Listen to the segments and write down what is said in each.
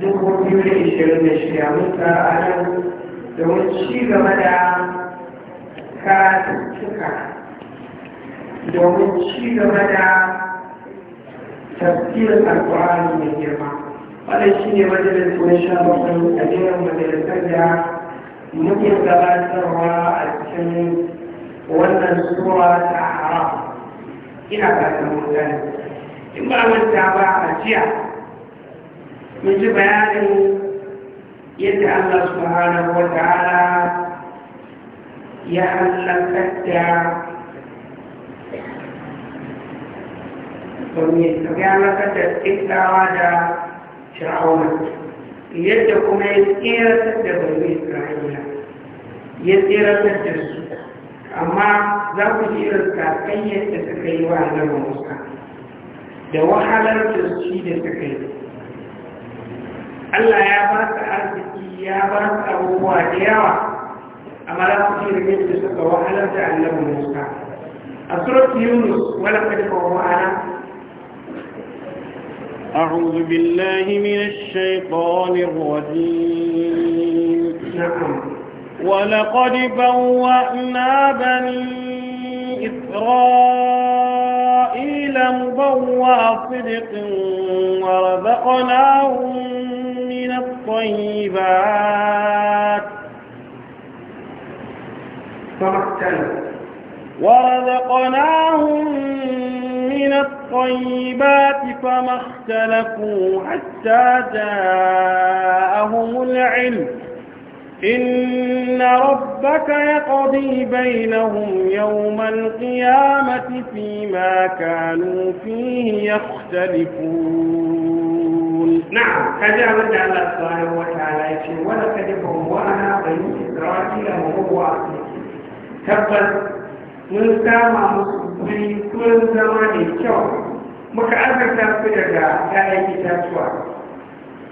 dubu biyu da shirin da shida mun tsara a nan domin ci gaba da karatuttuka domin ci gaba da tafsirin alkur'ani mai girma wannan shi ne majalis wani sha bakwai a jerin majalisar da muke gabatarwa a cikin wannan sura ta haram ina ba fatan mutane in ba manta ba a jiya mun ji bayanin yadda Allah subhanahu wata ala ya halakar da domin ya halakar da tsikawa da sha'awar yadda kuma ya tseratar da bari isra'ila ya tseratar da su amma za ku ji irin kakan yadda suka yi wa annabi musa da wahalar da su da suka yi Allah ya ba ka arziki ya ba ka abubuwa da yawa amma za ku ci rage da suka wahalar da annabi Musa a surat Yunus wala kad fawwana أعوذ بالله من الشيطان الرجيم ولقد بوأنا بني إسرائيل مبوأ صدق ورزقناهم الطيبات ورزقناهم من الطيبات فما اختلفوا حتى جاءهم العلم إن ربك يقضي بينهم يوم القيامة فيما كانوا فيه يختلفون na'am kaji abin da Allah subhanahu wataala ya ce wa laqad bawwa'na bani da mawdu'a tabbas mun kama musu guri kun zama da kyau muka azarta su daga ƴaƴan itatuwa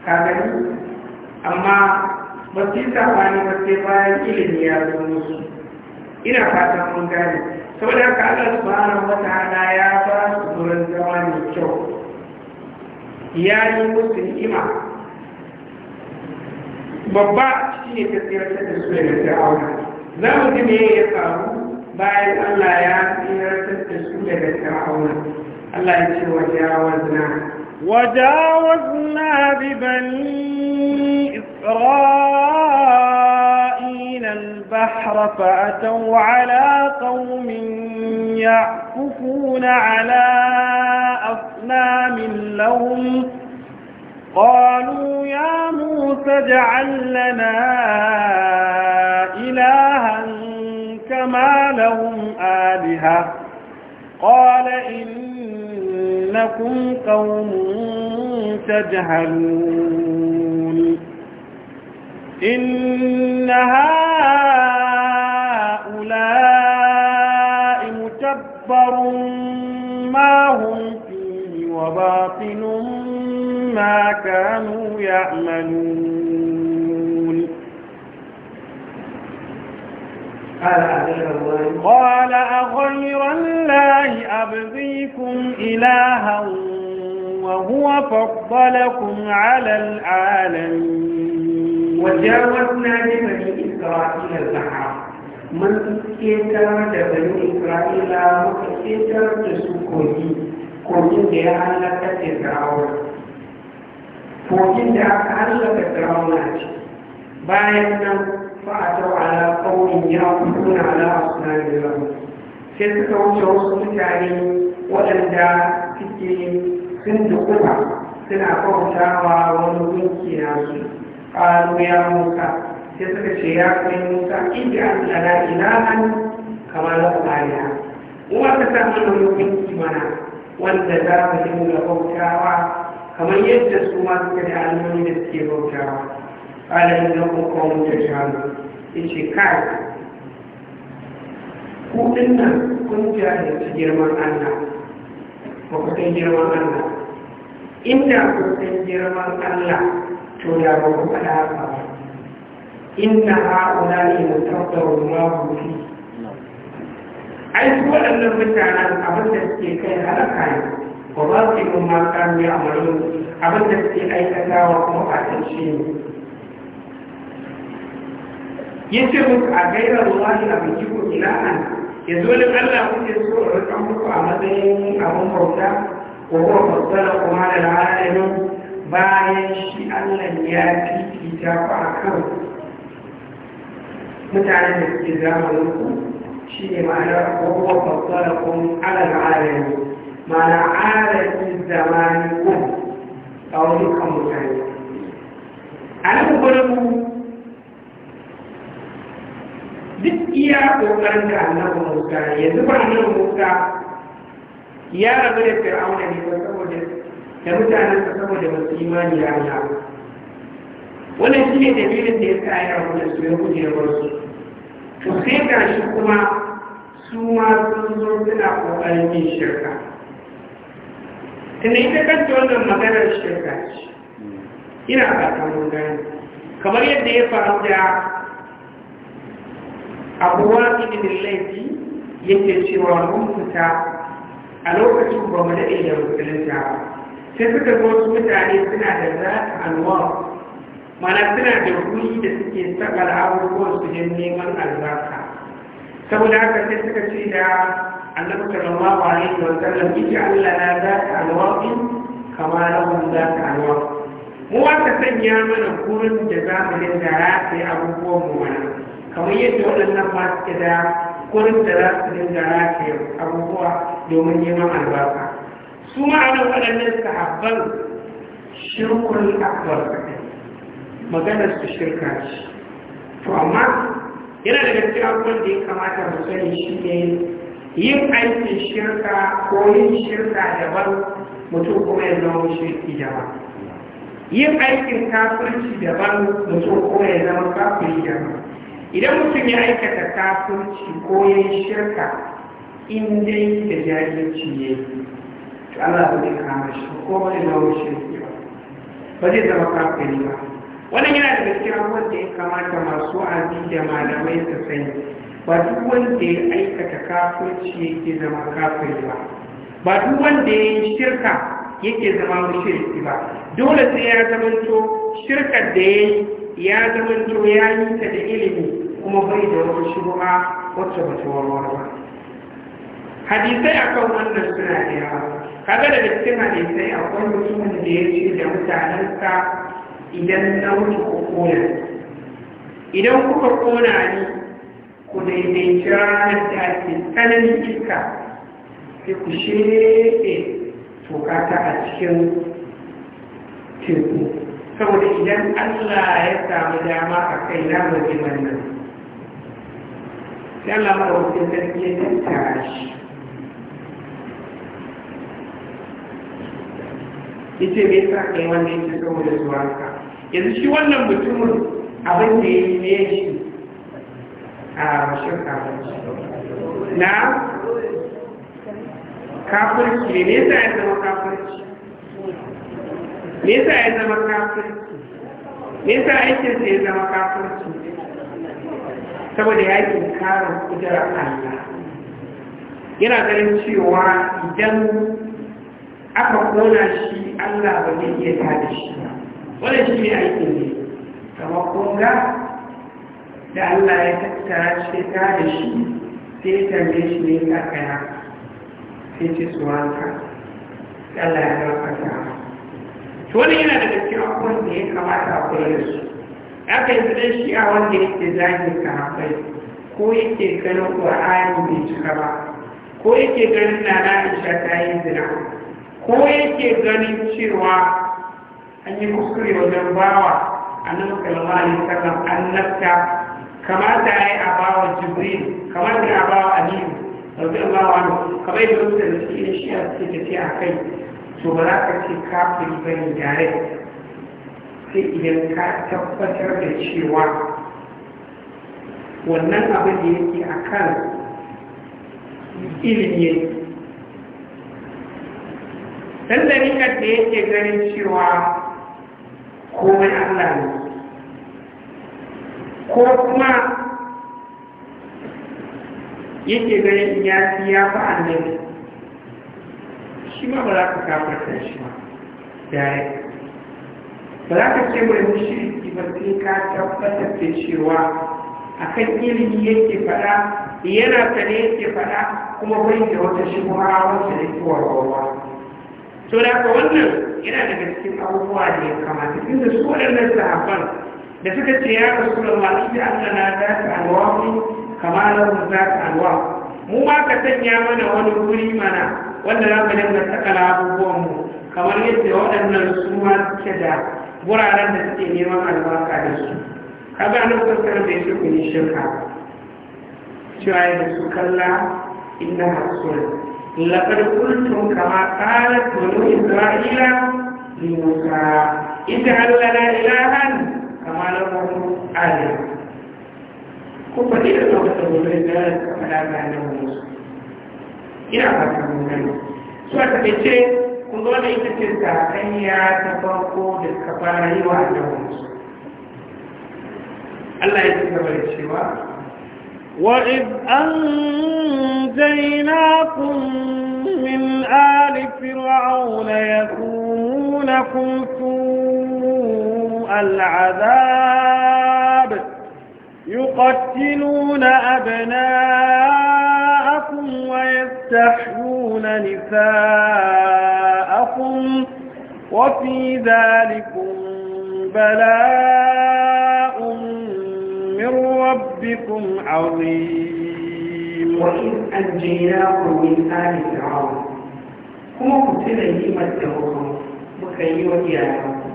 kagani amma ba su yi sabani ba sai bayan ilimi ya zo musu ina fatan mun gane saboda haka Allah subhanahu wataala ya ba su gurin zama mai kyau ya yi musu ni'ima babba shi ne ta tsirata da su daga fir'auna za mu ji me ya faru bayan Allah ya tsirata da su daga fir'auna Allah ya ce wa jawazna وجاوزنا ببني إسرائيل البحر فأتوا على قوم يعكفون على أصنام لهم قالوا يا موسى اجعل لنا إلها كما لهم آلهة قال إنكم قوم تجهلون إن هؤلاء متبر ما هم فيه وباطل ما كانوا يعملون قال أغير الله أبغيكم إلها وهو فضلكم على العالمين وجاوزنا لبني إسرائيل البحر من كيتر لبني إسرائيل وكيتر تسوكوهي kogin da ya halaka fir'auna kogin da aka halaka fir'auna ce bayan nan fa'atau ala kaunin ya kuna ala asnani lahu sai suka wuce wasu mutane waɗanda suke sun suna kwautawa wani nasu قالوا يا موسى يسكت يا موسى اجعل لنا إلها كما لهم آلهة وما تتعمل يقين منا وانت ذاك يقول بوتاوا كما يجلس وما تتعلمون يسكي بوتاوا قال إنكم قوم تجهلون yace kai ku dinnan kun jahilci girman Allah ba ku san girman Allah inda ku san girman Allah to da ba ku faɗa haka ba inna ha'ula ne da tattara ma fi ai su waɗannan mutanen abin da suke kai halaka ne ba ba su yi ma kanu a amarin abin da suke aikatawa kuma fatan shi ne yace muku a gairar wahi a biki ku ya zo wani Allah kuke so a rika muku a matsayin abin bauta ko kuma fassara kuma da la'alamin bayan shi allah ya fifita ba a kan mutane da suke zamanin ku shi ne ma'ana kowa fassara kun alal alami ma'ana alami zamani ku a wani kan mutane a nan duk iya ƙoƙarin da annabi musa yanzu ba nan musa ya rabu da fir'auna ne ba saboda da mutanen ka saboda ba su imani da Allah wannan shi ne dalilin da ya sa ya rabu da su ya kuje wasu to sai ga shi kuma su ma sun zo suna kokarin yin shirka tunda ita kanta wannan maganar shirka ce ina ta mun gani kamar yadda ya faru da abuwa ibn laifi yake cewa mun fita a lokacin ba mu daɗe da musulunta ba sai suka ga wasu mutane suna da za ta alwa mana suna da guri da suke sakar abubuwan su don neman albarka saboda haka sai suka ce da annabi sallallahu alaihi wa sallam yake Allah na za zata kamar kama za ta alwa mu ka sanya mana gurin da za mu dinga rataye abubuwan mu mana kamar yadda waɗannan suke da gurin da za su dinga rataye abubuwa domin neman albarka su ma'anar waɗannan sahabban shirkun akbar maganar su shirka shi. to amma yana da cikin abubuwan da ya kamata mu sani shi ne yin aikin shirka ko yin shirka daban mutum kuma ya zama shirki jama, yin aikin kafirci daban mutum kuma ya zama kafirci jama. idan mutum ya aikata kafirci ko yin shirka in dai da jahilci ne to Allah ba zai kama shi ko wani nauyi shi ne ba ba zai zama kafiri ba wannan yana daga cikin abubuwan da ya kamata masu azi da malamai su sani ba duk wanda ya aikata kafirci yake zama kafiri ba ba duk wanda ya yi shirka yake zama mushriki ba dole sai ya zamanto shirka da ya yi ya zamanto ya yi ta da ilimi kuma bai da wata shubha wacce ba ta warware ba hadisai akan wannan suna da yawa kaga daga cikin hadisai akwai mutumin da ya ce da mutanensa idan na mutu ku kona idan kuka kona ni ku daidaici ranar da ake tsananin iska sai ku toka ta a cikin teku saboda idan allah ya samu dama a kai na majiman sai allah ma wasu sarki tattara shi yace me yasa kai wanda yake yanzu shi wannan mutumin abin da ya yi ne shi a shirka na kafirci ne me yasa ya zama kafirci me yasa ya zama kafirci me yasa aikinsa ya zama kafirci saboda yakin kare kudurar Allah yana ganin cewa idan aka kona shi Allah ba zai iya tada shi ba wannan shi ne aikin ne kamar kunga da Allah ya tattara shi ta da shi sai tambe tambaye shi ne ka kaya sai ce su wanka Allah ya gafarta to wani yana da gaske akwai da ya kamata a kula da su aka yi dan a wanda yake zagi hafai ko yake ganin ƙur'ani bai cika ba ko yake ganin nana aisha ta yi zina ko yake ganin cewa an yi kuskure wajen bawa annabi sallallahu alaihi wasallam annabta kamata ya yi a bawa jibril kamata ya bawa aliyu rabbi bawa ne kamar yadda wasu da suke shi a suke a kai to ba za ka ce kafin ba ne sai idan ka tabbatar da cewa wannan abin da yake a kan ilimi dan dariƙar da yake ganin cewa komai Allah ne ko kuma yake ganin ya fi ya fi annabi shi ma ba za ka kafarta shi ba direct ba za ka ce mai mushriki ba sai ka tabbatar da cewa akan ilimi yake faɗa yana sane yake faɗa kuma bai da wata shi shubuha wacce yake warwarwa to da ka wannan yana daga cikin abubuwa da ya kamata inda su waɗannan sahabban da suka ce ya rasu da masu Allah na za ka alwa mu kamar za ka alwa mu ma ka sanya mana wani wuri mana wanda za mu dinga sakala abubuwan mu kamar yadda waɗannan su ma suke da wuraren da suke neman albarka da su ka nan kusan da yake shirka cewa yadda su kalla inna hasul لقد قلتم كما قالت بنو إسرائيل لموسى اجعل لنا إلها كما لهم آلهة كفر إلى توبة الرسول ذلك فلا معنى موسى ina fata mun gani su a taƙaice kun zo da ita ce sakayya ta farko da suka fara yi wa annabawansu Allah ya ci gaba da cewa وإذ أن نجيناكم من آل فرعون يكونونكم سوء العذاب يقتلون أبناءكم ويستحيون نساءكم وفي ذلكم بلاء من ربكم عظيم وإذ أنجيناكم من آل فرعون kuma ku tuna ni'imar da horo muka yi wa iyayen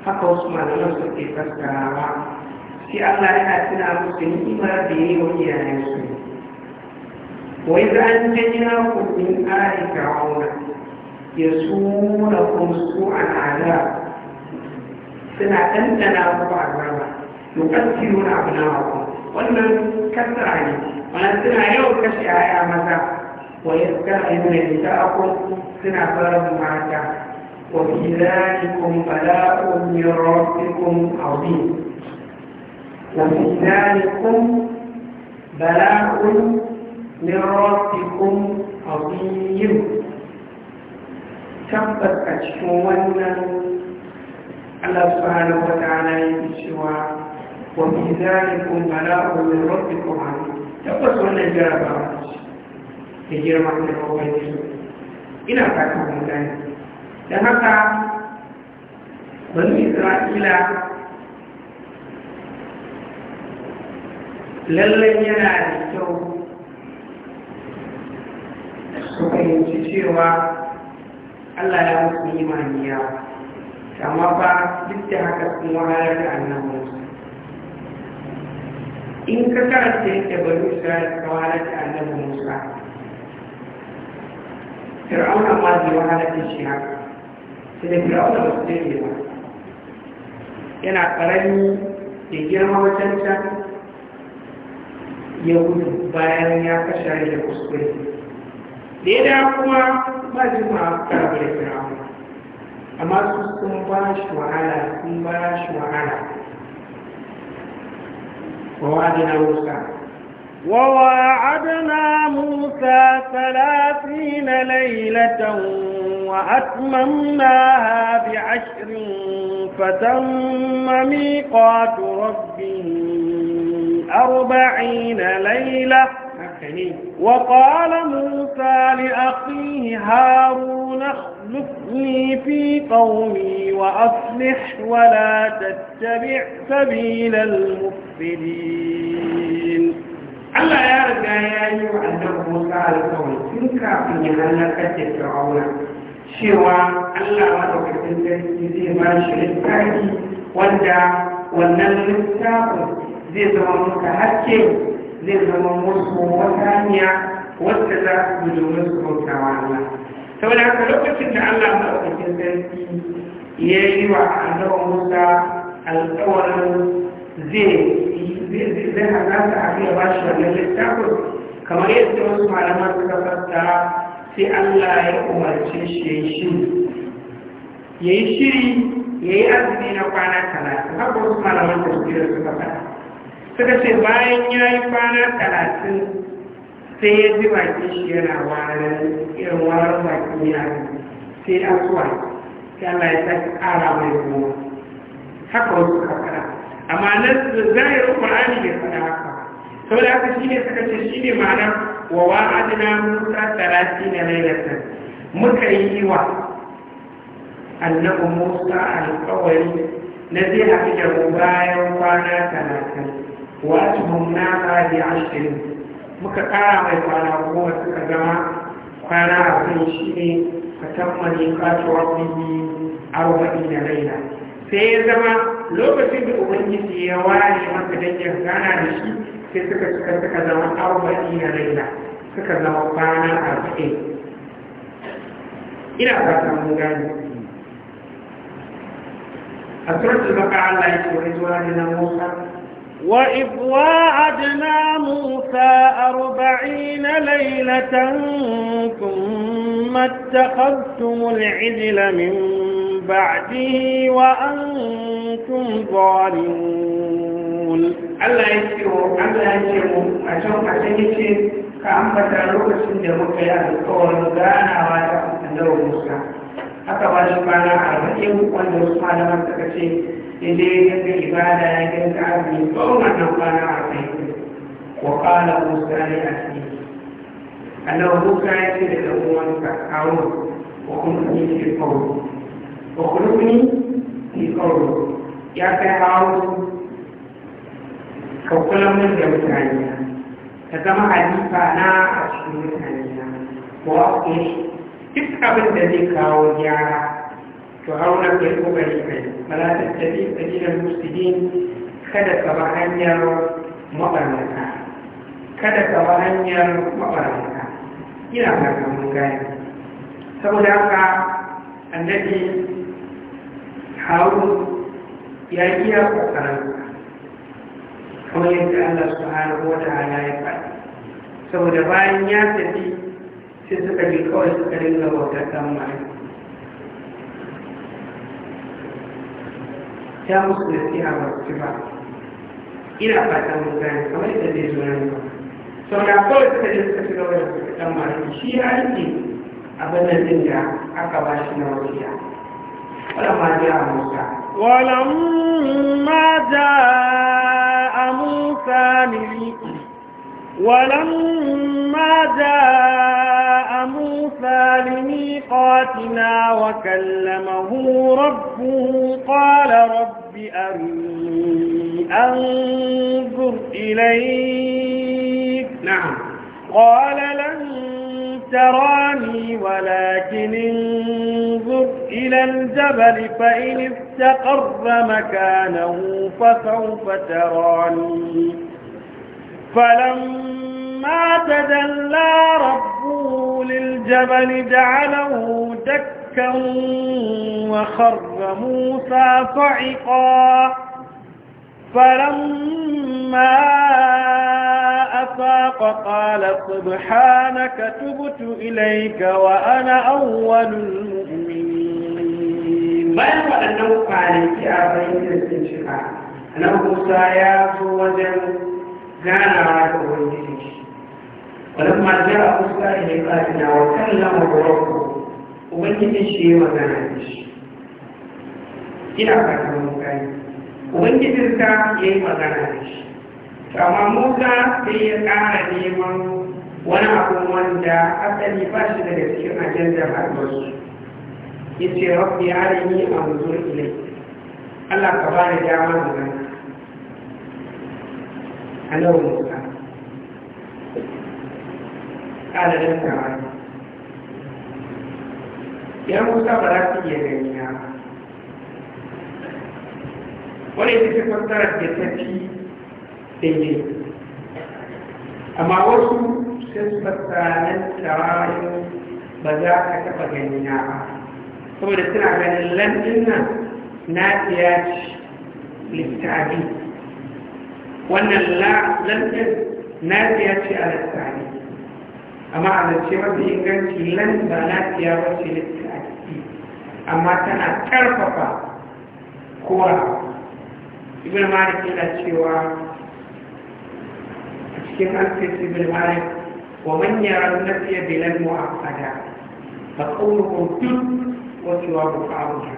haka wasu malaman su ke fassarawa sai Allah yana tuna musu ni'imar da ya yi wa iyayen su wa idza anjaynakum min ali fir'auna yasunakum su'al adab suna tantana ku azaba yuqatiluna abnaakum wannan kasra ne mana suna yawan kashe ‘ya'ya maza wa ya suka yi mai nisa ako suna barin mata wa fi zalikun bala'un min rabbikum azim wa fi zalikun bala'un min rabbikum azim tabbas a cikin wannan Allah subhanahu wa ta'ala yake cewa wa fi zalikun bala'un min rabbikum azim tabbas wannan jarabawa ce da girma da kawai su ina fata mun gani haka banu isra'ila lallai yana da kyau su fahimci cewa allah ya musu imaniya amma ba duk da haka sun wahalar da annabansu in ka karanta ta bari isra'il ka wahalar da annabi musa fir'auna amma bai wahala ta shi haka sai da fir'auna ba su daidai ba yana karami da girma wajen can ya gudu bayan ya kashe da kuskure da ya kuma ba jima'a karabar fir'auna amma su sun ba shi wahala sun ba shi wahala ووعدنا موسى وواعدنا موسى ثلاثين ليلة وأتممناها بعشر فتم ميقات ربه أربعين ليلة وقال موسى لأخيه هارون نخلفني في قومي وأصلح ولا تتبع سبيل المفسدين الله يا رجاء يا أيها الأخوة قال قول تلك في أن أجد فرعون شوى الله وتوك تلك الجزية ما شرك به ودع ونزل الساقط زي زمن متهكم زي زمن مصر وثانية وكذا بدون مصر كوانا saboda haka lokacin da Allah maɗaukakin sarki ya yi wa annabi Musa alƙawarin zai zai hana ta a iya ba shi wannan littafin kamar yadda wasu malaman suka fassara sai Allah ya umarce shi ya yi shiri ya yi shiri ya yi arziki na kwana talatin haka wasu malaman tafsirar suka fata suka ce bayan ya yi kwana talatin sai ya ji baki shi yana warar irin warar baki ya sai asuwa sai Allah ya sake ƙara mai ruwa haka wasu kakara amma nan zahirin Qur'ani bai faɗa haka sau da haka shi ne suka ce shi ne ma'ana wa wa'adina musa talati na lailatan muka yi wa annabi musa alƙawari na zai haɗu da mu bayan kwana talatin wa tuhumna ba da ashirin muka ƙara mai kwana goma suka zama kwana a kan shi ne a tammani kasuwa biyu arwaɗi da raina sai ya zama lokacin da ubangiji ya ware maka dangin gana da shi sai suka suka suka zama arwaɗi da raina suka zama kwana a arba'in ina fatan mun gane a suratul maka Allah ya ce wani zuwa ne na Musa وإذ واعدنا موسى أربعين ليلة ثم اتخذتم العجل من بعده وأنتم ظالمون الله يسيروا الله يسيروا أشوف عشان يسير كأنبت علوك السنة مكيا القول دانا وعلى أنه موسى أكبر شبانا أربعين وأنه سبحانه وتعالى إذا يجب إبادة يجب عبدي ثم نقل عبدي وقال موسى لأخيه أنه موسى يجب لأمك أعود وخلقني في قول وخلقني في قول يا فرعون ka kula min da mutane ka zama halifa na a cikin mutane na wa duk abin da zai kawo gyara to haura ka yi kokari kai mala ta tafi sabilan musulmin kada ka ba hanyar mabarnata kada ka ba hanyar mabarnata ina fata mun gane saboda haka annabi harun ya iya kokarin kamar yadda Allah subhanahu wa ta'ala ya faɗi saboda bayan ya tafi sai suka je kawai suka dinga bautar dan mai ya musu da siya ba su ba ina fata mun kamar zai ba sau kawai suka je suka ci shi ya rike abin aka ba shi na ولما جاء موسى ولما جاء موسى ولما جاء موسى لميقاتنا وكلمه ربه قال رب أرني أنظر إليك نعم قال لن تراني ولكن انظر إلى الجبل فإن استقر مكانه فسوف تراني فلما تدلى ربه للجبل جعله دكا وخر موسى صعقا فلما أفاق قال سبحانك تبت إليك وأنا أول المؤمنين ما يقول أنه فعليك أبين الانشقاء أنه موسى يا وجل كان على أبوه فلما جاء موسى إلى قائدنا وكلمه ربه وبين شيء وكان ina fata mun gani ubangijinka ya yi magana da shi amma musa ya ƙara neman wani abu wanda asali ba shi daga cikin ajandar albasu ya ce rabbi a allah ka ƙara dafta hannu yan kusa ba za su iya gani na wani ita ce fassarar da ta fi daidai amma wasu sun fassarar tawayin ba za ka taɓa gani na ba saboda suna ganin lantin nan na fiya littafi wannan lantin na fiya ci a littafi amma a zance mafi inganci lan ba lafiya wacce lafiya a ciki amma tana ƙarfafa kora ibn malik yana cewa a cikin alfis ibn malik wa man yara nafiya a mu'akkada ba qawluhu duk wasu wa bu'abuha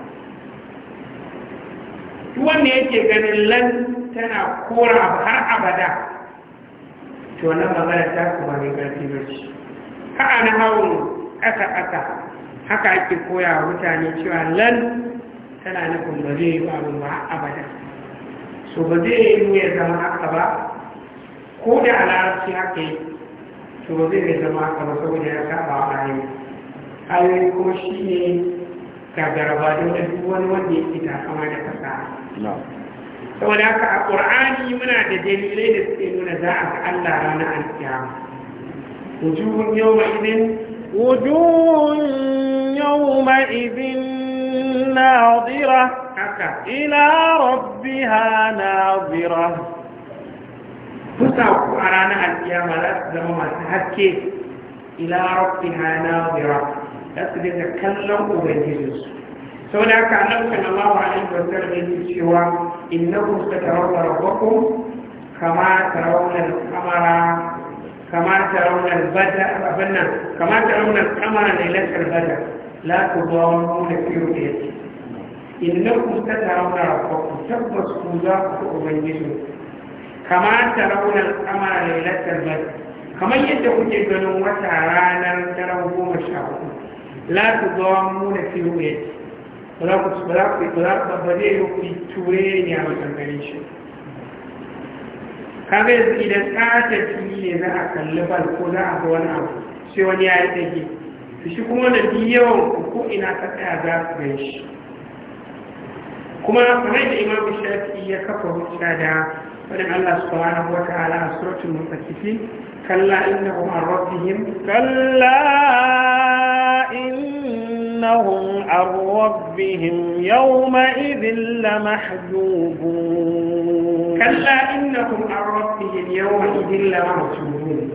duk wanda yake ganin lan tana kora har abada to nan magana ta kuma ne ƙarfi ba ce ha'a na hawan ƙasa-ƙasa haka ake koya wa mutane cewa lan tana nufin ba zai yi abin ba abada so ba zai yi ya zama haka ba ko da alarci haka yi to ba zai yi zama haka ba saboda ya saba wa ayoyi ayoyi kuma shi ne garaba don da duk wani wanda yake kama da kasa saboda haka a ƙur'ani muna da dalilai da suke nuna za a ga Allah ranar alkiyama وجوه يومئذ وجوه يومئذ ناظرة إلى ربها ناظرة فساق أرانا القيامة لما ما تحكي إلى ربها ناظرة لكن يتكلم وبنجلس سونا كان صلى الله عليه وسلم سوى إنكم سترون ربكم كما ترون القمر kamata wannan bada a lantar bada la ku ba wannan da da yake inna ku ta tarawa ko ku tabbas ku za ku kamata wannan kama ne lantar bada kamar yadda kuke ganin wata ranar daren goma sha hudu la ku da da yake ba za ku ba za ku ba za ku ba yi ku ture ne a matsangarin shi kaga yanzu idan ƙata fili ne za a kalli ko za a ga wani abu sai wani ya yi tsage shi kuma wanda bi yawan ko ina ka tsaya za ku gan shi kuma kamar da imamu shafi ya kafa hujja da wani Allah subhanahu wa ta'ala a suratul kifi, kalla innahum kuma rabbihim kalla in إنهم عن ربهم يومئذ لمحجوبون كلا إنهم عن ربهم يومئذ لمحجوبون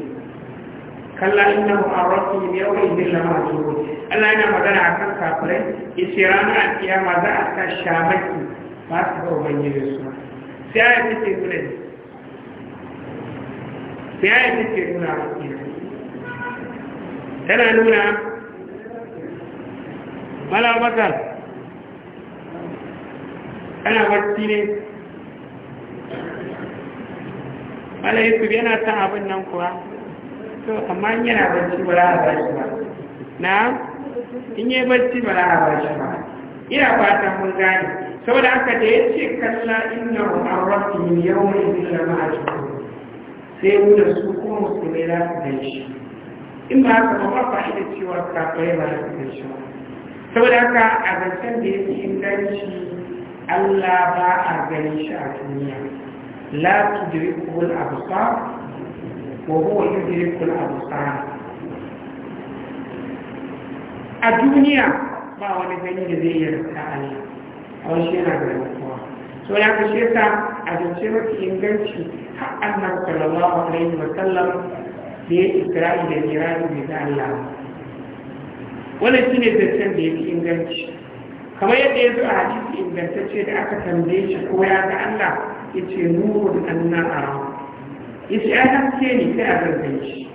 كلا إنهم عن ربهم يومئذ لمحجوبون ألا إنا مدنا عكس كافرين إسيرانا القيامة ذا أكثر شامكي ما تبقوا من يسوع سيأتي تقولين سيأتي تقولين أنا نقول bala bakar ana barci ne yi yusuf yana son abin nan kuwa to amma yana barci ba za a bashi ba na in yi barci ba za a bashi ba ina fatan mun gani saboda haka da ya ce kalla inna rumarwar yin yawon yin jama'a cikin sai mu da su kuma musulmai za su gan shi in ba haka ba ba fa'ida cewa kafai ba za su gan shi ba saboda haka a zancen da ya fi inganci Allah ba a gani shi a duniya da la tudrikul absar wa huwa abu sa. a duniya ba wani gani da zai yi rasa Allah a wani shi yana da rantsuwa so ya kashe ta a zance mafi inganci har annabi sallallahu alaihi wa sallam da ya isra'i da jirani bai ga Allah wannan shi ne zancen da ya fi inganci kamar yadda ya zo a hadisi ingantacce da aka tambaye shi ko ya ga Allah ya ce nurun annan ara ya ce ya haske ne sai a zargan shi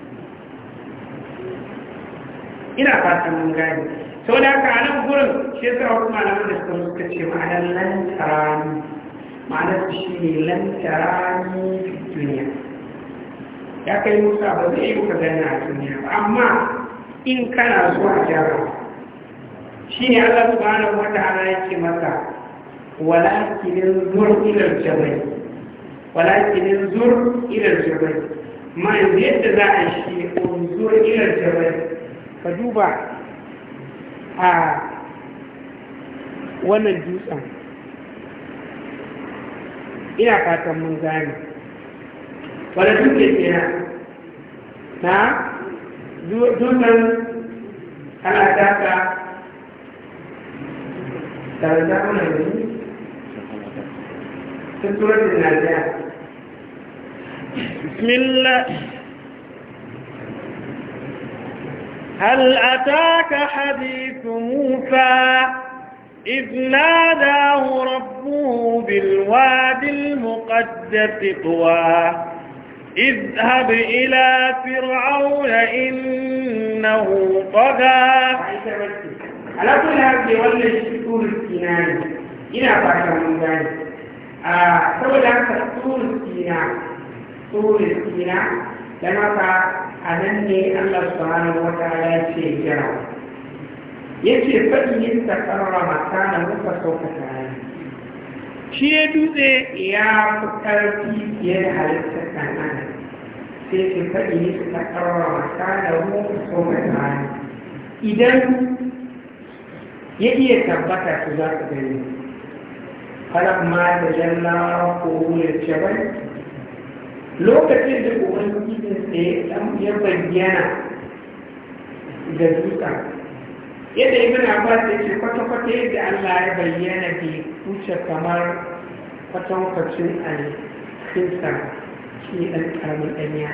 ina fatan mun gani sau da haka a gurin shi yasa wasu malaman da suka suka ce ma'anar lantarani ma'anar shi ne lantarani duniya ya kai musa ba zai yi kuka gani a duniya amma in kana so a gyara shi ne Allah subhanahu wa ta'ala yake masa walakinin zur ilal jabal walakinin zur ilal jabal ma yanzu yadda za a shi zur ilal jabal ka duba a wannan dutsen ina fatan mun gane wani da kenan na dutsen ana taka tarda ana yi sun tura بسم الله هل أتاك حديث موسى إذ ناداه ربه بالواد المقدس طوى اذهب إلى فرعون إنه طغى على كل هذه ولا شكور الكنان إنا فاكر من ذلك saboda haka tsohon sina tsohon sina da maka a nan ne allah subhanahu wa ta'ala ya ce ya ce fadin ta karra mata na muka sauka tare shi ya dutse ya fi ƙarfi fiye da halittar kanan sai su faɗi su ta karrama sanahu ko mai idan ya iya tabbata su za su gani falamma da jalla ko ya ce shabai lokacin da ubangijin tsaye dan ya bayyana ga dutsa yadda ibn abbas ya ce kwata-kwata yadda allah ya bayyana bai wuce kamar kwatankwacin alfinsa shi ɗan ƙaramin ɗanya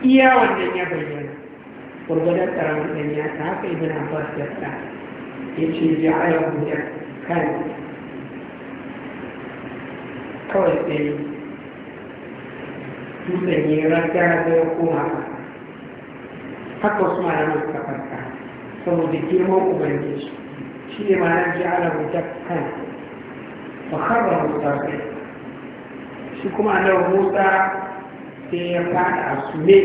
iya wannan ya bayyana gwargwadon karamar ɗan ya ta haka ibn abbas ya ta ya ce ji a yau guda kan kawai sai dutsen yi raga da ya koma ba haka wasu malaman suka farka saboda girman ubangiji shi ne ma'ana yau guda kan wa harba musa shi kuma annabi musa sai ya fada a sune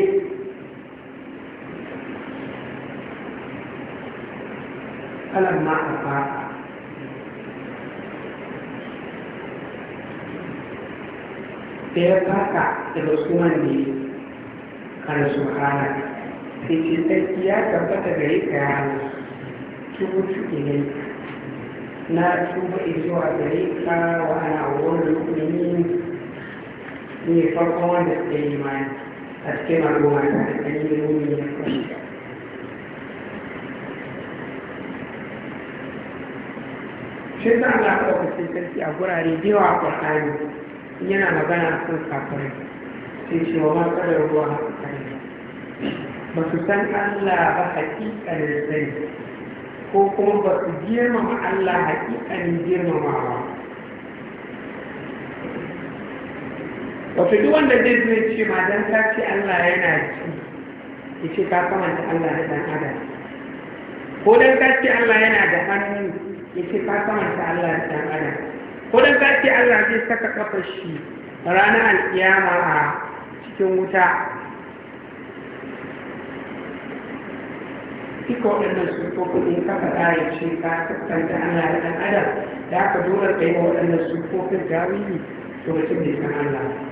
kalan ma a fada sai ya fada daga sunan ne kan su hana sai ce tsarki ya tabbata gare ka ya hana tubu ne na tuba izuwa gare ka wa ana wani rukunin Ni ne farkon wanda ke yi imani a cikin al'umma ta da yi da mummi na kashi shi sa Allah ta wata sarki a gurare da yawa a Qur'ani yana magana a kan kafirai sai ce wa ma kadar ruwa a Qur'ani ba su san Allah ba haƙiƙanin zai, ko kuma ba su girmama Allah haƙiƙanin girmamawa wato duk wanda zai zai ce ma dan ta ce Allah yana ci ya ce ka kamanta Allah da dan adam ko dan ta ce Allah yana da hannu ya ce ka kamanta Allah da dan adam ko dan ta ce Allah zai saka kafar shi rana alkiyama a cikin wuta duka waɗannan sufofin in ka faɗa ya ce ka tattanta Allah da ɗan adam da aka dole ka yi wa waɗannan gawi tarihi to mutum bai san Allah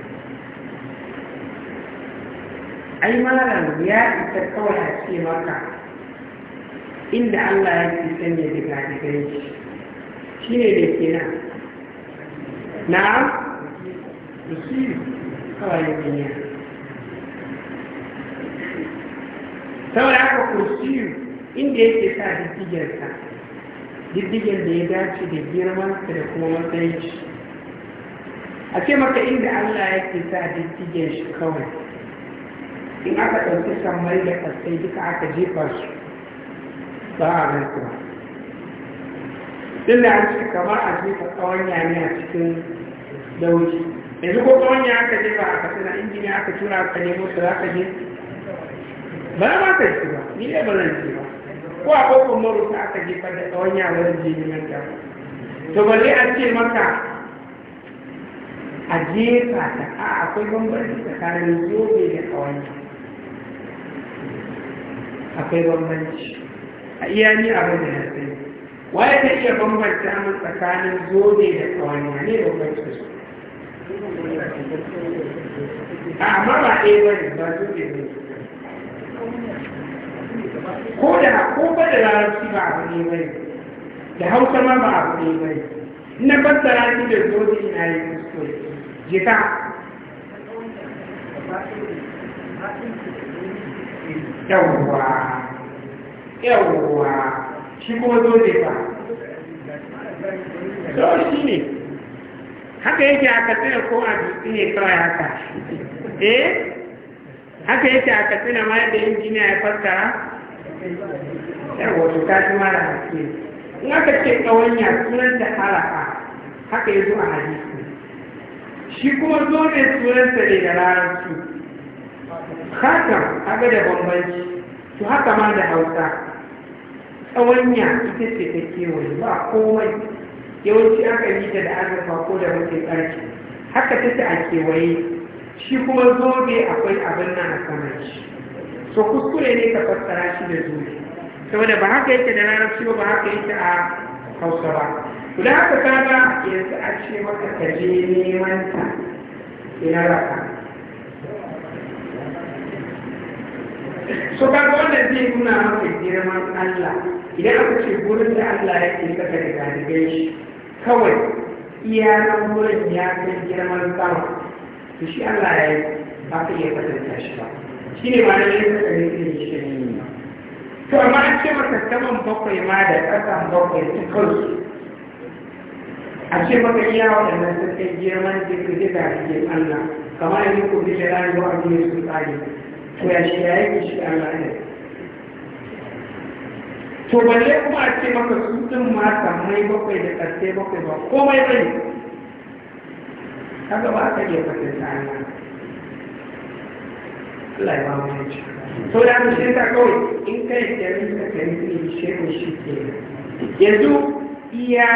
ai malam ya isa kawai a ce maka inda Allah ya fi sanya daga digan shi shi ne da ke na, na da shi kawai duniya saboda aka kursi inda yake sa diddigensa diddigen da ya dace da girman girmansa da kuma matsayin shi a ce maka inda Allah ya ke sa diddigen shi kawai in aka ɗauki samari da ƙasai duka aka jefa su ba a nan kuma ɗin da an ce kamar a jefa tsawon yane a cikin dauji yanzu ko ƙawanya aka jefa a na injini aka tura aka nemo su za ka je ba ma ka ji ba ni ne ba zan ji ba ko a kofin marusa aka jefa da tsawon yawon jini nan da to ba zai an ce maka a jefa ta a akwai bambanci tsakanin zobe da ƙawanya. akwai bambanci a iya ni abin da ya sai waye ta iya bambanta min tsakanin zobe da kawaniya ne bambanci su a mara ba ɗaya ba ne ba zobe ne ko da ko ba da larabci ba abu ne ba ne da hausa ma ba abu ne ba ne na fassara shi da zobe na yi kuskure jika yawwa yawwa shi kuma dole ba dole shi ne haka yake a katsina ko a dutse ne kawai haka eh haka yake a katsina ma yadda injiniya ya fassara yawwa su ta ji mara haske in aka ce ƙawanya sunan da haraka haka yi zuwa a hadisi shi kuma dole sunansa ne da larabci hakan aga da bambanci su haka ma da hausa tsawanya ita ce ta kewaye ba komai yawanci aka yi ta da azurfa ko da mutum ƙarfi haka ta a kewaye shi kuma zobe akwai abin nan a saman shi so kuskure ne ka fassara shi da zobe saboda ba haka yake da larabci ba ba haka yake a hausa ba da haka kaga yanzu a ce maka ka je neman ta ina raka so ka ga wannan zai nuna maka girman Allah idan aka ce gurin da Allah ya ke kasa da dalibai shi kawai iya nan gurin ya kai girman sama to shi Allah ya yi ba ka iya kwatanta shi ba shi ne ma na yin tsakanin irin shi ne to amma a ce maka saman bakwai ma da kasan bakwai su kansu a ce maka iya waɗannan sun kai girman da su Allah kamar yanzu ko da rayuwa a duniya sun tsari to ya shi ya yi shi da al'adar to balle kuma a ce maka su din ma samai bakwai da ƙarfe bakwai ba komai ba ne kaga ba ka iya fasin sa'ana Allah ya ba mu yanci to da mu shi ta kawai in ka yi da rin ka kai ne shi ko shi ke yanzu iya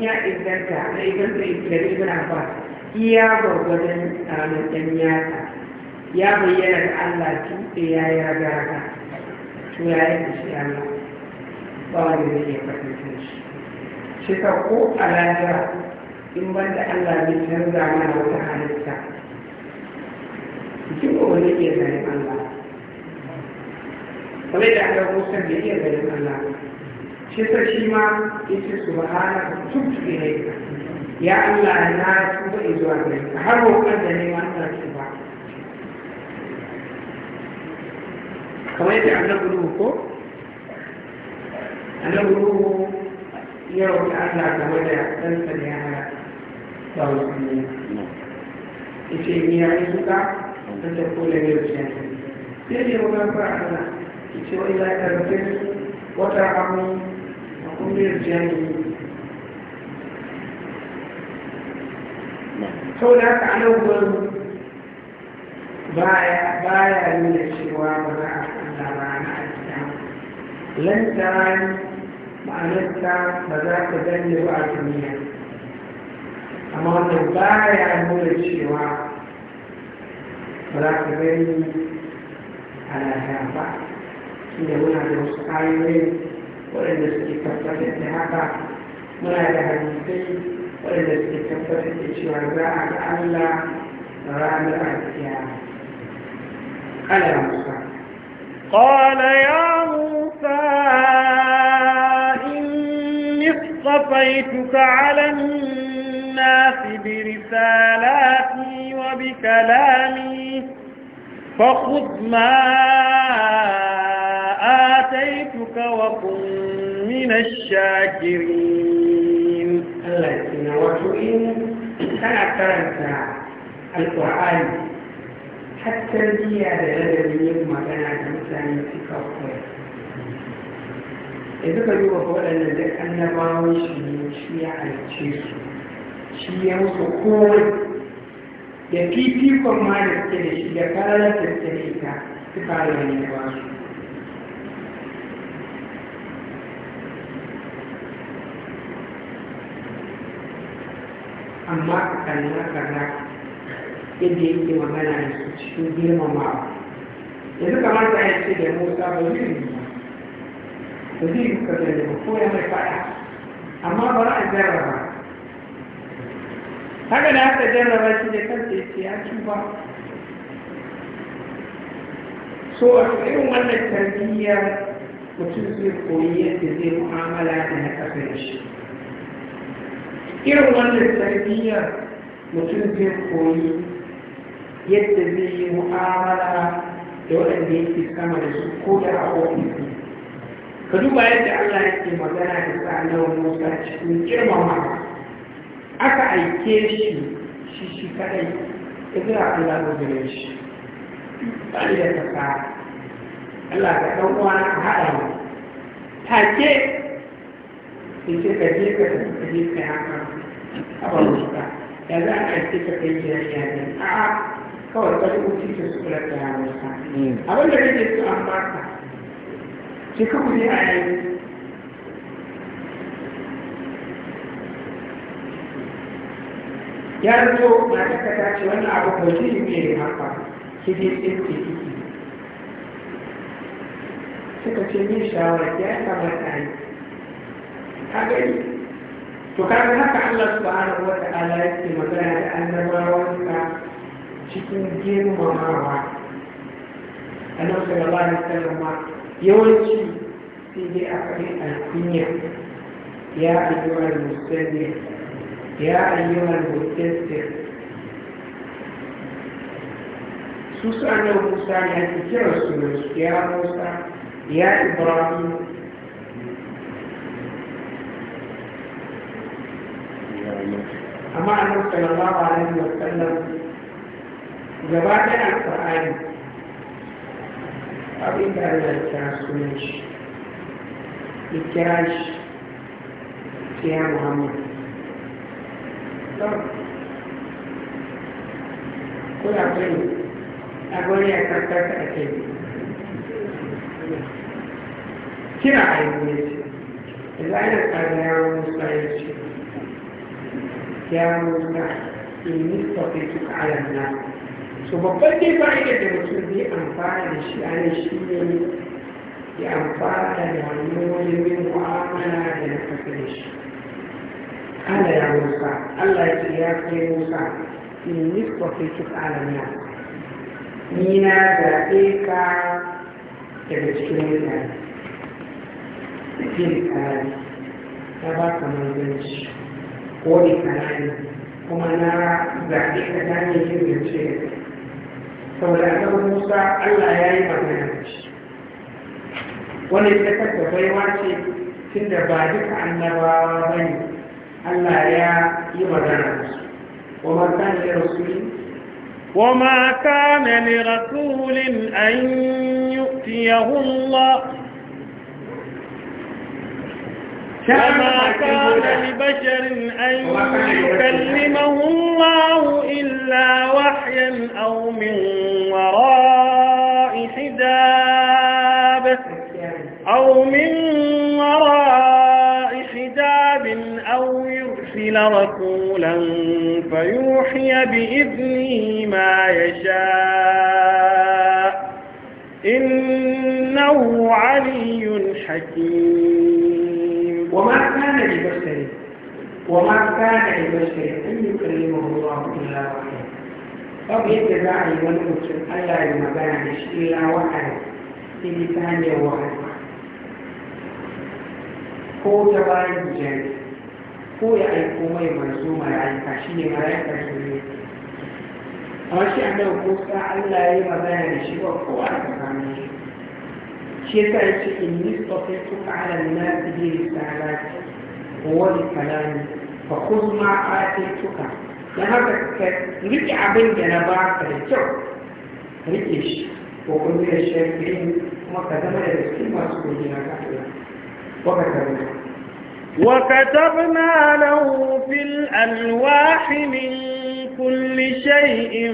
ya inganta na inganta da ibn Abbas iya gwargwadon tsarin ɗan yata ya bayyana da Allah tuɗe ya yi raga-raga to ya yi kusa ba wanda da ya fahimtar shi shi ka ko a lahira in ban da Allah bai canza na wata halitta jikin ba wani iya zane Allah kuma da aka kusa da iya zane Allah shi ta shi ma yace subhanaka tubtu ilayka ya Allah na tuba zuwa gare ka har roƙar da neman tsarki ba kamar yadda annabi ruhu ko annabi ruhu ya roƙi Allah game da ɗansa da ya hana ba musulmi yace ni ya yi suka ta ta kula ne da shi sai dai wani ba Allah yace wai za ka rufe wata abu a kumbiyar jami'i sau da haka anan ba baya nuna cewa ba za a lan tarani ma'anarta ba za ta danne ba a duniya amma wannan ba ya nuna cewa ba za ta gani a lahira ba inda muna da wasu ayoyin waɗanda suke tabbatar da haka muna da hadisai waɗanda suke tabbatar da cewa za a ga Allah ranar alkiyama. Ala Musa. قال يا موسى إني اصطفيتك على الناس برسالاتي وبكلامي فخذ ما آتيتك وكن من الشاكرين الله يسمى وتؤمن سنة القرآن حتى دي الذي يوم كان mutane suka koya da suka yi waɗanda duk annabawan shi ne shi ya halice su shi ya musu kowai da fifikon ma da suke da shi da karar da suke da ita suka ba su amma a kan na kaza yadda yake magana da su cikin girmamawa yanzu kamata ya ce da musa ba zai yi ba zai yi ka zai ba ko ya mai fada amma ba za a jarraba haka da haka jarraba shi da kansa ya ce ya tuba so a irin wannan tarbiyyar mutum zai koyi yadda zai mu'amala da na kafin shi irin wannan tarbiyyar mutum zai koyi yadda zai yi mu'amala da waɗanda yake sama da su ko da a ofis ne ka duba yadda Allah yake magana da sa'anawar Musa cikin girmama aka aike shi shi shi kaɗai ta zira Allah ko gare shi ni da kasa Allah ka ɗan uwa na haɗa mu take sai ce ka je ka tafi ka je ka haka a ba mu ya za a aike ka kai gidan ne a'a kawai bari uci ta su kula da yaransa abin da kake su an baka ki ka kuɗi a yayi ya zo na ta ce wannan abu ba zai yi haka ki dai tsinke kiki suka ce yin shawarar ya yi kamata a yi ka gani to kaga haka Allah subhanahu wa ta'ala yake magana da annabawansa cikin girmamawa a nan sallallahu alaihi wasallam yawanci sai dai a faɗi alkunya ya ayyuhal musalli ya ayyuhal mutasir su su annabi Musa ya ake kira sunan ya Musa ya Ibrahim amma annabi sallallahu alaihi wasallam gaba ɗaya alƙur'ani abin da Allah ya kira sunan shi ya kira shi muhammadu Muhammad kuna kai a gwani a karkarta a kai kira a yi ce da za a yi tsari yawon musa ya ce yawon musa yi ya tuka alam to babbar dai fa'idar da mutum zai amfana da shi a shi ne ya amfana da hanyoyin yin mu'amala da na tafi da shi kala ya musa allah ya ce ya kai musa in yi kwafi su ƙalamiya ni na zaɓe ka daga cikin mutane cikin tsari ta ba ka manzanci ko ne kuma na zaɓe ka ta ne yin zance da saboda annabi Musa Allah ya yi magana da shi Wani ita kanta baiwa ce tun da ba duka annabawa ba ne Allah ya yi magana da su wa man kana ya rasuli وما كان لرسول أن يؤتيه الله وما كان لبشر أن يكلمه الله إلا وحيا أو من وراء حجاب أو من وراء حجاب أو يرسل رسولا فيوحي بإذنه ما يشاء إنه علي حكيم وما كان لبشر وما كان لبشر ان يكلمه الله الا وحيا babu yadda za a yi wani mutum Allah ya magana da shi ta hanyar ko ta bayan jari ko ya aiko mai manzo mala'ika shi ne mala'ika su ne A ko sa Allah ya magana da shi ba kowa da shi شيكايتش اني استطيعتك على الناس به استعلاك هو لكلامي فخذ ما آتيتك لهذا كريك عبين جنبا كريتو ريكيش وكل الشاكرين ما قدم يرسل ما سكون وكتبنا له في الألواح من كل شيء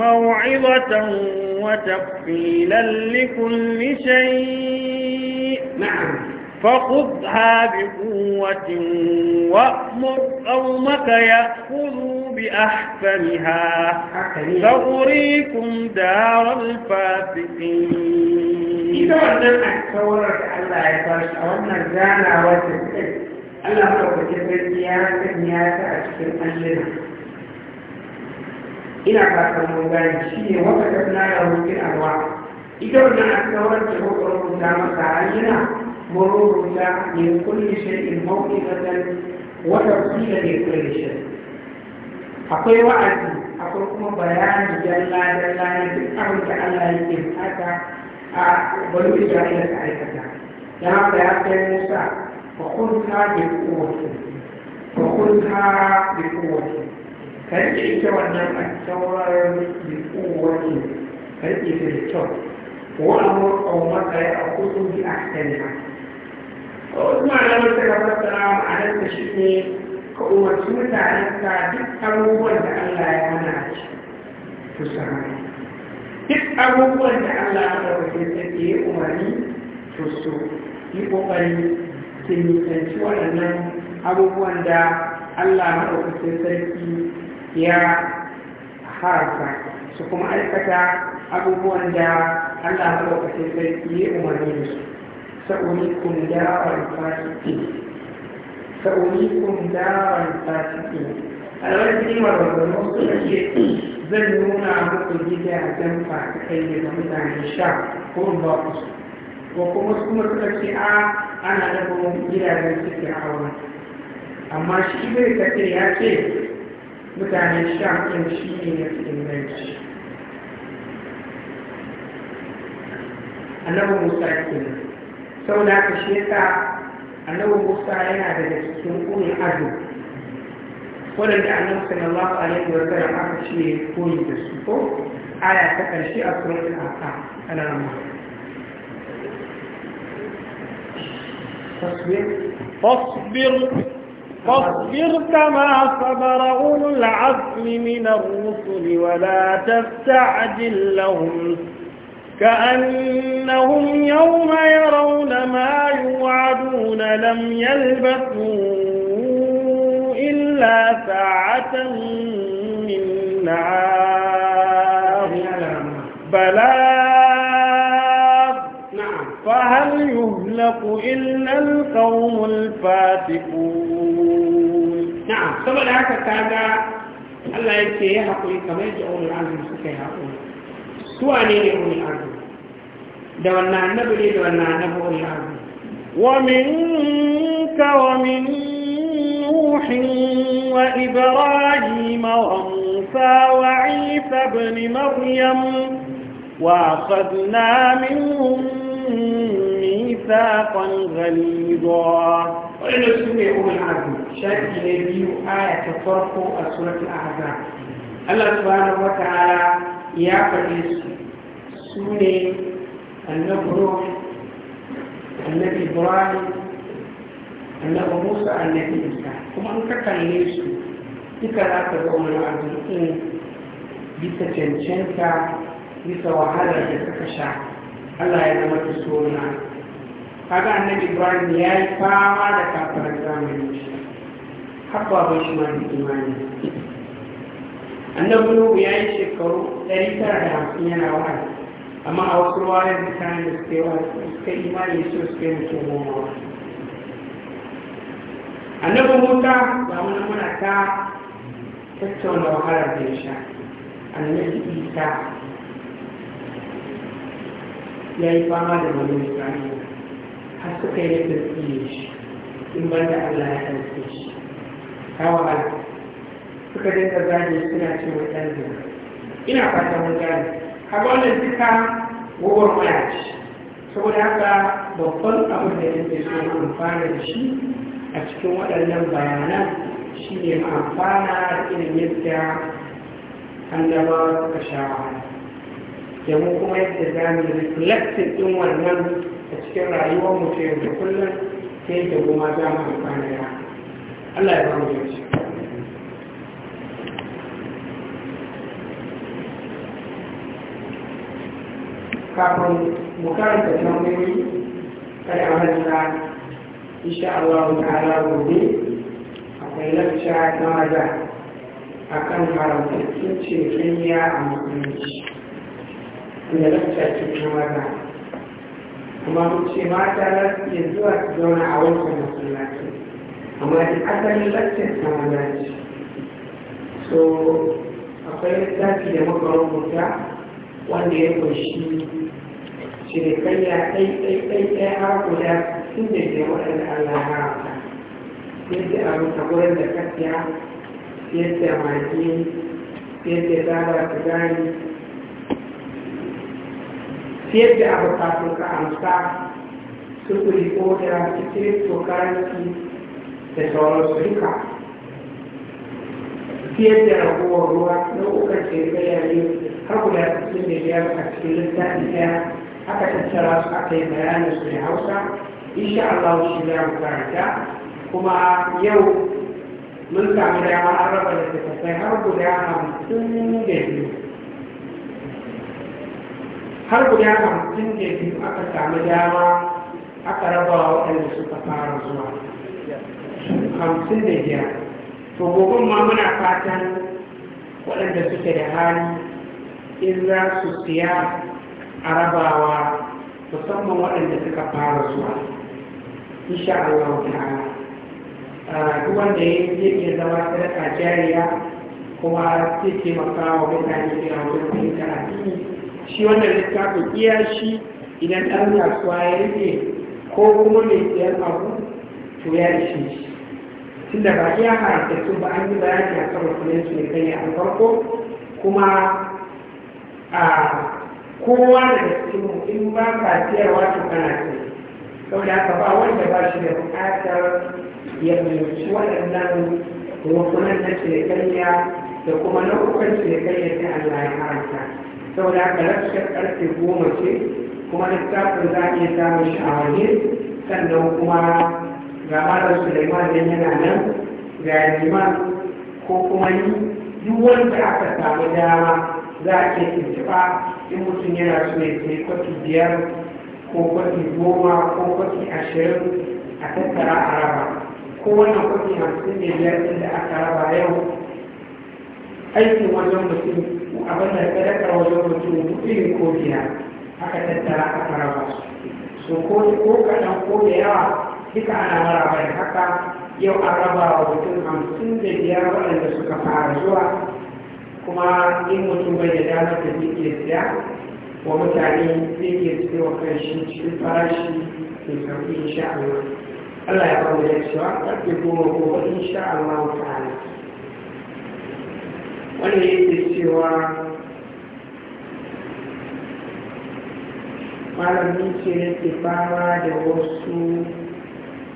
موعظة وتفصيلا لكل شيء نعم فخذها بقوة وأمر قومك يأخذوا بأحسنها سأريكم دار الفاسقين إذا لم أتصورك ألا يطرش أو نزعنا وتسئل ألا تقول كيف يا سيدي يا سيدي ina fatan mun gane shi ne wata kafna da hukun arwa ita wannan asawar da muka rubuta masa ayyana mun rubuta ne kulli shay'in mawqifatan wa tafsila ne kulli shay akwai wa'azi akwai kuma bayani dalla dalla ne duk abin da Allah yake bukata a bari Isra'ila ta aikata dan haka ya kai Musa fa kunta bi quwwati fa kunta bi quwwati ka rike ita wannan a tsawarar likuwarki ka rike ta da kyau wa amur ƙaumaka ya a kusur bi a kaniya wasu malamai suka fassara ma'anar da shi ne ka umarci mutanen ka duk abubuwan da Allah ya hana a ci su sami duk abubuwan da Allah ya hana wajen tsaki ya umarni to su yi ƙoƙari ke nisanci waɗannan abubuwan da Allah ya hana wajen sarki ya haramta su kuma aikata abubuwan da allah maɗaukacin sarki ya umarni da su sa'unikun dawar fasiki sa'unikun dawar fasiki alwar kimar wanzannin suka ce zan nuna muku gidajen fasikai ne da mutane sha ko in ba ku su ko kuma kuma suka ce a ana nufin gidajen suke aure amma shi bai kace ya ce mutane sha ɗin shi ne na inganci annabi musa kenan sau da aka sheka annabi musa yana daga cikin ƙuri azu waɗanda annabi sallallahu alaihi wa sallam aka ce koyi da su ko aya ta ƙarshe a suratul ahqaf alama فاصبر فاصبر كما صبر أولو العزم من الرسل ولا تستعجل لهم كأنهم يوم يرون ما يوعدون لم يلبثوا إلا ساعة من نعام بلاغ نعم. فهل يهلك إلا القوم الفاتقون na'am saboda haka kaga Allah yake ya haƙuri kamar yadda ulul azumi suka yi haƙuri su wane ne ulul azumi da wannan annabi ne da wannan annabi ulul azumi wa minka wa min wa وإبراهيم وموسى وعيسى بن مريم وأخذنا منهم ميثاقا wa وإلى السنة أم العزم shafi na biyu aya ta farko a suratul ahzab Allah subhanahu wata'ala ya faɗi su su ne annabi ruh annabi ibrahim annabi musa annabi isa kuma an ka kalle su duka za ka ga wani arzikin bisa cancanta bisa wahala da suka sha Allah ya zama ta sona kaga annabi ibrahim ya yi fama da kafin zamani haɓa ba shi ma da imani annabi nuhu ya yi shekaru 950 yana wani. amma a wasu ruwayar mutane da suke wa'azi suka imani su suke mutum goma wa'azi annabi musa ba wani muna ta tattauna wahalar da ya sha annabi isa ya yi fama da wani isra'ila har suka yi da shi in banda allah ya ɗauke shi ta suka dinga zage suna ce wa ɗan ina fata mun gane kaga wannan duka gogor maya saboda haka babban abin da yake so mu amfana da shi a cikin waɗannan bayanan shi ne mu amfana da irin yadda annabawa suka da mu kuma yadda za mu reflecting ɗin wannan a cikin rayuwar mutum, yau da kullum sai da kuma za mu amfana da Allah ya faru yanci kafin mu ta tambayoyi kada a manta insha Allah ta'ala gobe akwai lakca na maza akan haramtattun cikin a musulunci da lakca cikin maza amma mun ce mata za su zuwa su zauna a wancan masallaci amma da asalin lakcin na maza so akwai littafi da muka rubuta wanda ya kunshi ɗai ɗai har guda sun da ke waɗanda Allah ya haramta yadda a rusa gurin da kasiya yadda magi yadda zaba ta gani yadda abu kafin ka amsa sukuri ko da cikin tokaranci da sauransu duka siyar da ragowar ruwa na ukar ce gaya ne har cikin da biyar a cikin littafi ɗaya aka tattara su aka yi bayanin su da hausa insha Allah shi za mu karanta kuma yau mun samu dama an raba da tafasai har guda hamsin da biyu har guda hamsin da biyu aka samu dama aka raba waɗanda suka fara zuwa hamsin da biyar to gobe ma muna fatan waɗanda suke da hali in za su siya a rabawa musamman waɗanda suka fara zuwa insha Allah ta'ala duk wanda ya iya zama sadaka jariya kuma zai taimaka wa mutane da wajen fahimta karatu shi wannan littafin iya shi idan ɗan kasuwa ya rike ko kuma mai siyan abu to ya ishe shi Tunda ba iya karatu ba an yi bayani a kan ne cinikayya a farko kuma a kowa daga cikin in ba ka siyarwa to kana ce da haka ba wanda ba shi da bukatar ya mulki waɗannan rukunan na cinikayya da kuma na nau'ukan cinikayya ta Allah ya haramta da haka lafiyar karfe goma ce kuma littafin za a iya samun shawarar sannan kuma ga da iman dan yana nan ga iman ko kuma yi duk wanda aka samu dama za a ke tuntuɓa in mutum yana so ya sai kwaki biyar ko kwaki goma ko kwaki ashirin a tattara a raba ko wannan kwaki hamsin ne biyar da aka raba yau aikin wajen mutum abin da daga wajen mutum kuɗi ko biya aka tattara a raba su so ko kaɗan ko da yawa duka ana maraba da haka yau an raba wa mutum hamsin da biyar waɗanda suka fara zuwa kuma in mutum bai da damar da zai iya siya wa mutane zai iya siya wa shi cikin farashi mai sauƙi sha Allah Allah ya ba mu da cewa ƙarfe goma in sha Allah ta'ala wannan yake cewa malamin ce ke fama da wasu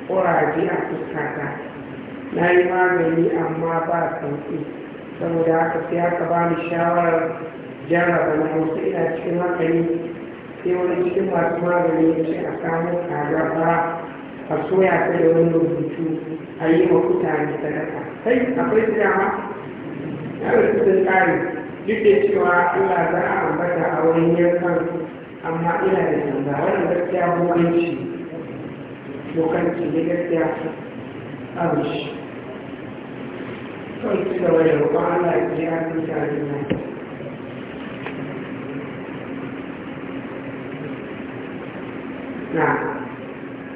ƙuraje a fuskata na yi magani amma ba sauƙi saboda haka sai aka ba ni shawarar jarraba na wasu ina cikin hankali sai wani cikin masu magani ya ce a samu kaza ba a soya ta da wani rubutu a yi wa mutane sadaka sai akwai su dama na rubutu sun duk da cewa allah za a ambata a wurin yankan amma ina da canza wannan gaskiya hukunci bokanci ne gaskiya abu shi kawai ci gaba da roƙon ya ji an kusa da na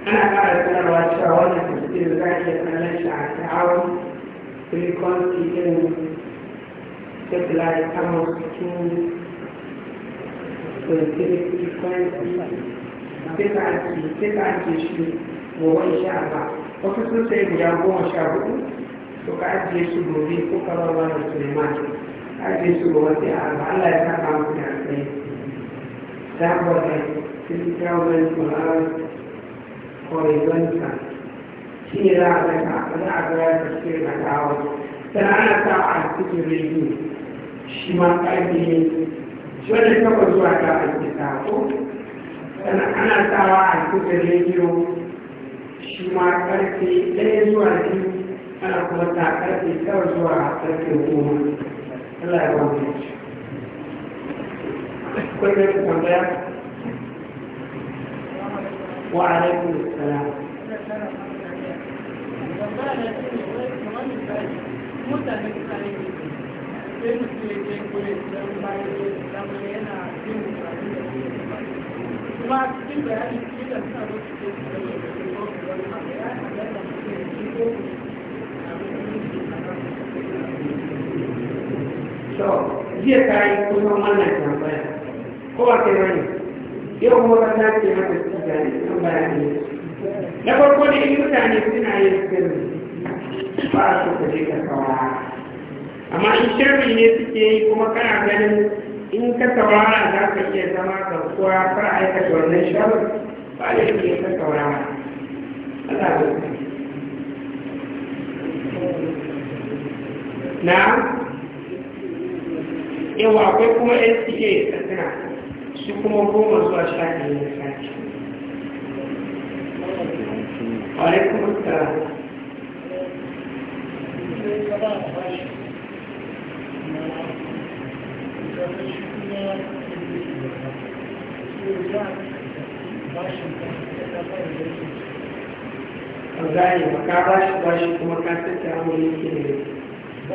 ana ƙara sanarwa cewa wannan tafsirin za a iya kallon shi a ta'awun frequency irin satellite amur cikin 23 frequency ka ake shi gobe insha Allah wasu sun sai guda goma sha hudu to ka ajiye su gobe ko ka ba da Suleiman ajiye su goma sai Allah Allah ya saka muku da sun Dabbar da Kirkiyawar Kulawar Horizontal shi ne za a zaka a za a gaya ya ce na kawo sana ana sa a cikin rediyo shi ma ƙarfi ne wani kafa zuwa ta a cikin kawo ana sawa a cikin rediyo shi ma karfe ɗaya zuwa biyu ana kuma ta karfe tara zuwa karfe goma Allah ya wani yanci akwai da ta tambaya wa alaikun salam kuma jiya ta yi kusan wannan tambaya ko ba ta ne da mutane suna yin sirri ba a ka je amma in sharri ne suke yi kuma kana ganin in ka saurara za ka iya zama garkuwa kar aikata wannan sharri ba da ke ka saurara Allah na yawa akwai kuma sda katsina su kuma goma zuwa sha biyu na sati alaikun tsara Zai, ka bashi bashi kuma ka tattara wani kiri Eh.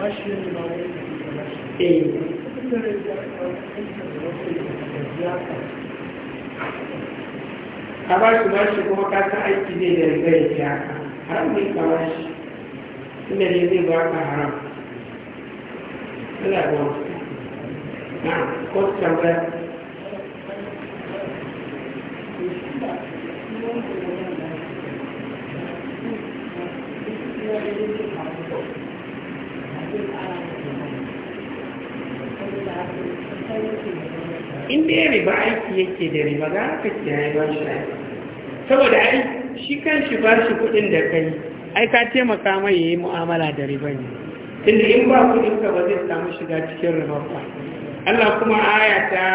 ka ba shi bashi kuma ka san aiki zai da riga ya biya ka haram ne ka ba shi inda ne zai ba ka haram Allah ba na ko tambaya Thank you. in da ya riba aiki yake da riba za ka kiyaye ba shi aiki saboda ai shi kan shi ba shi kuɗin da kai ai ka taimaka mai ya yi mu'amala da riba ne tunda in ba kuɗin ka ba zai samu shiga cikin riba ba Allah kuma aya ta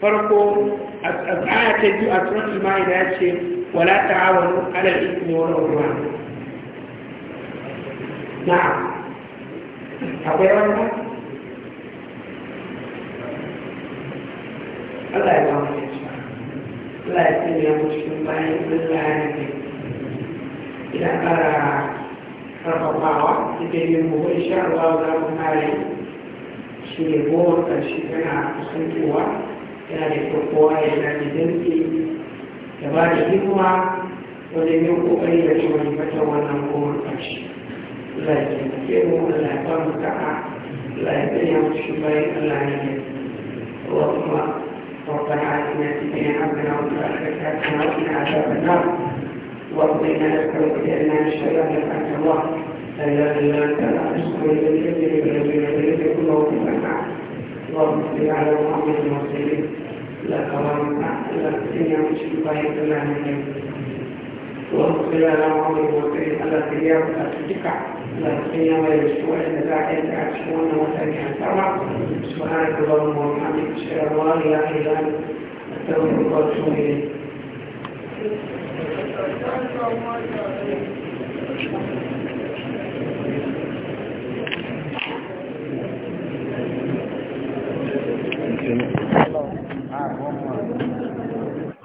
farko aya ta biyu a tsoron ma'ida ce wala ta'awanu alal ismi ruwa na akwai wani Allah ya ba mu Allah ya sanya mu cikin bayan Allah ya ne ina ƙara karfafawa cikin yin mu sha Allah za mu kare shi ne goma ƙarshe tana kusantowa yana da kowa yana da dinki ya ba da hikima wajen yin kokari da shi wani fata wannan goma ƙarshe Allah ya taimake mu Allah ya ba mu ta'a Allah ya sanya mu cikin bayan Allah ya ne. Allahumma ربنا آتنا في الدنيا حسنة وفي عذاب النار وقضينا نسألك بأن نشهد أن لا إله الله لا إله إلا أنت لا نشكر ولا بإذنك كل وقت اللهم صل على محمد المرسلين لا قرار لا الدنيا مش بطريقة الله والمصيبة على عمري والمصيبة على الثياب وعلى الشجكة على الخيام والمشروع النزاع أن لا إله إلا أنت أستغفرك وأتوب Thank you.